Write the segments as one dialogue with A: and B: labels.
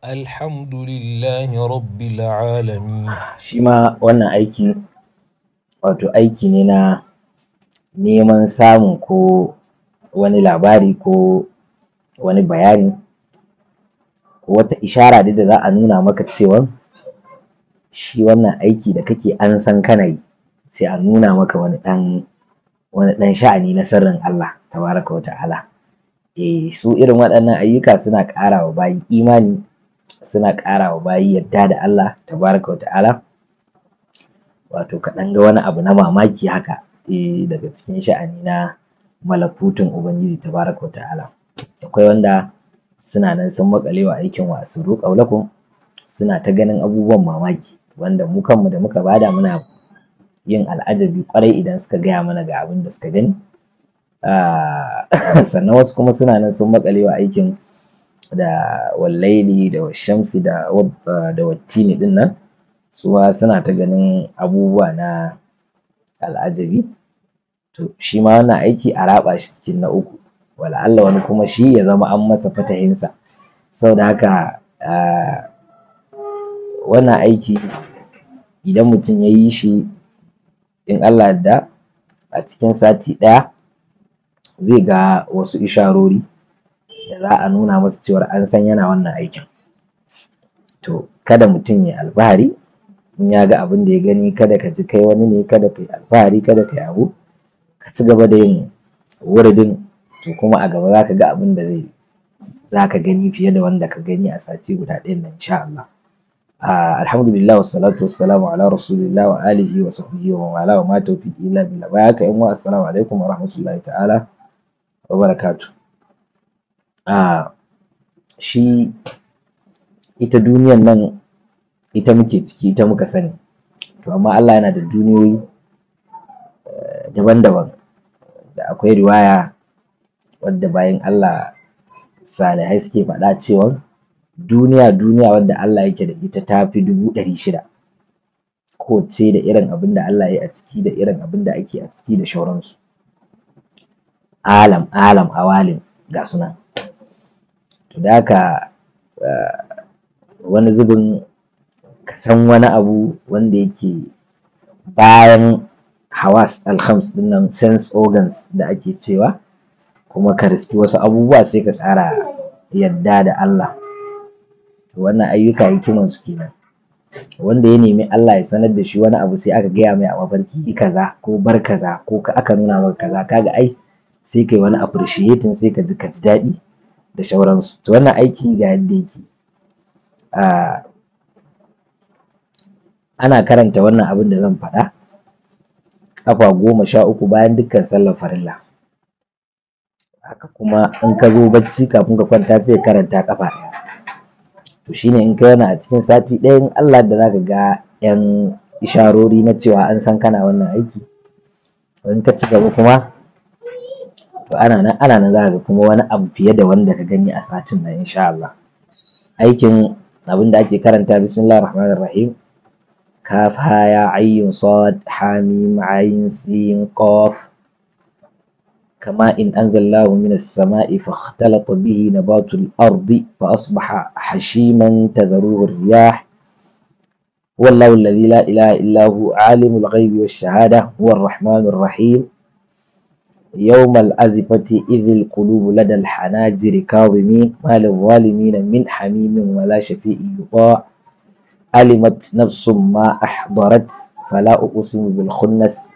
A: Alhamdulillahi rabbil alami Shi ma wannan aiki wato aiki ne na neman samun ko wani labari ko wani bayani ko wata ishara dai da za a nuna maka cewa shi wannan aiki da kake an san kana yi sai a nuna maka wani ɗan wani sha'ani na sirrin Allah tabaraka wa ta'ala. Eh su irin waɗannan ayyuka suna ƙara wa bayi imani suna ƙara wa bayi yarda da Allah tabaraka wa ta'ala wato ka ɗan ga wani abu na mamaki haka eh daga cikin sha'ani na malakutun ubangiji tabaraka wa ta'ala akwai wanda suna nan sun maƙale wa aikin wa asuru suna ta ganin abubuwan mamaki wanda mu kanmu da muka bada muna yin al'ajabi kwarai idan suka gaya mana ga abin da suka gani ah, sannan wasu kuma suna nan sun maƙale wa aikin da wallaili da shamsi da da wattini din nan suma suna ta ganin abubuwa na al'ajabi to shi ma wannan aiki a raɓa shi cikin na uku wala'alla wani kuma shi ya zama an masa fatahinsa saboda haka wannan aiki idan mutum ya yi shi in Allah yarda a cikin sati ɗaya zai ga wasu isharori da za a nuna masa cewar an san yana wannan aikin to kada mutum ya alfahari in ya ga abin da ya gani kada ka ji kai wani ne kada ka yi alfahari kada ka yi abu ka ci gaba da yin wuridin to kuma a gaba za ka ga abin da zai za ka gani fiye da wanda ka gani a sati guda ɗaya nan insha Allah alhamdulillah wa salamu ala rasulillah wa alihi wa sahbihi wa wala wa ma tawfiq illa billah bayaka yan wa assalamu alaikum wa rahmatullahi ta'ala wa barakatuh a ah, shi ita duniyan nan ita muke ciki ita muka sani to amma Allah yana da duniyoyi eh, daban-daban da akwai riwaya wadda bayin Allah salihai suke faɗa cewan duniya duniya wadda Allah yake da ita ta fi dubu ɗari shida ce da irin abin da Allah yi a ciki da irin abin da ake a ciki da shauransu alam alam awalin ga sunan. to da haka eh, wani zubin ka san wani abu wanda yake bayan hawas alhams dinnan sense organs da ake cewa kuma ka riski wasu abubuwa sai ka tsara yadda da Allah wannan ayyuka hikiman su kenan wanda ya nemi Allah ya sanar da shi wani abu sai aka gaya mai a mafarki yi kaza ko bar kaza ko aka nuna maka kaza kaga ai sai kai wani appreciating sai ka ji ka ji daɗi da shauransu to wannan aiki ga yadda yake a ana karanta wannan abin da zan faɗa ƙafa goma sha uku bayan dukkan sallar farilla haka kuma in ka zo bacci kafin ka kwanta sai karanta kafa ɗaya to shine in kai yana a cikin sati ɗaya in Allah da za ka ga yan isharori na cewa an san kana wannan aiki in ka ci gaba kuma to ana nan ana nan za ga kuma wani abu fiye da wanda ka gani a satin nan insha Allah aikin abin da ake karanta bismillahir rahmanir rahim kaf ha ya ayin sad hamim ayin sin qaf كما إن أنزلناه من السماء فاختلط به نبات الأرض فأصبح حشيما تذروه الرياح والله الذي لا إله إلا هو عالم الغيب والشهادة هو الرحمن الرحيم يوم الأزفة إذ القلوب لدى الحناجر كاظمين ما للظالمين من حميم ولا شفيء يطاع علمت نفس ما أحضرت فلا أقسم بالخنس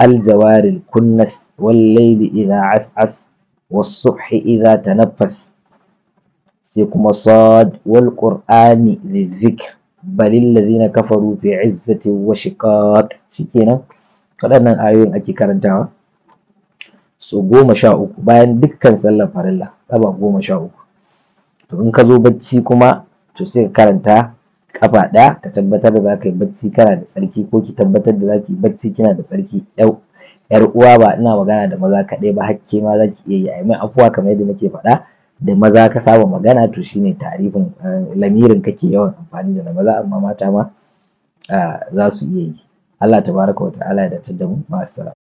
A: الجوار الكنس والليل إذا عسعس والصبح إذا تنفس سيكم صاد والقرآن للذكر بل الذين كفروا في عزة وشقاق شكينا قد أن آيون أكي كرنتها so goma sha uku bayan dukkan sallar farilla ƙafa goma sha uku to in ka zo bacci kuma to sai ka karanta kafa ɗaya ka tabbatar da za ka yi bacci kana da tsarki ko ki tabbatar da za ki bacci kina da tsarki yar uwa ba ina magana da maza kaɗai ba hakke ma za ki iya yi a mai afuwa kamar yadda nake faɗa da maza ka saba magana to shine tarifin eh, lamirin kake yawan amfani da maza amma mata ma ah, za su iya yi Allah tabaraka wa ta'ala ya datar da mu ma'assalam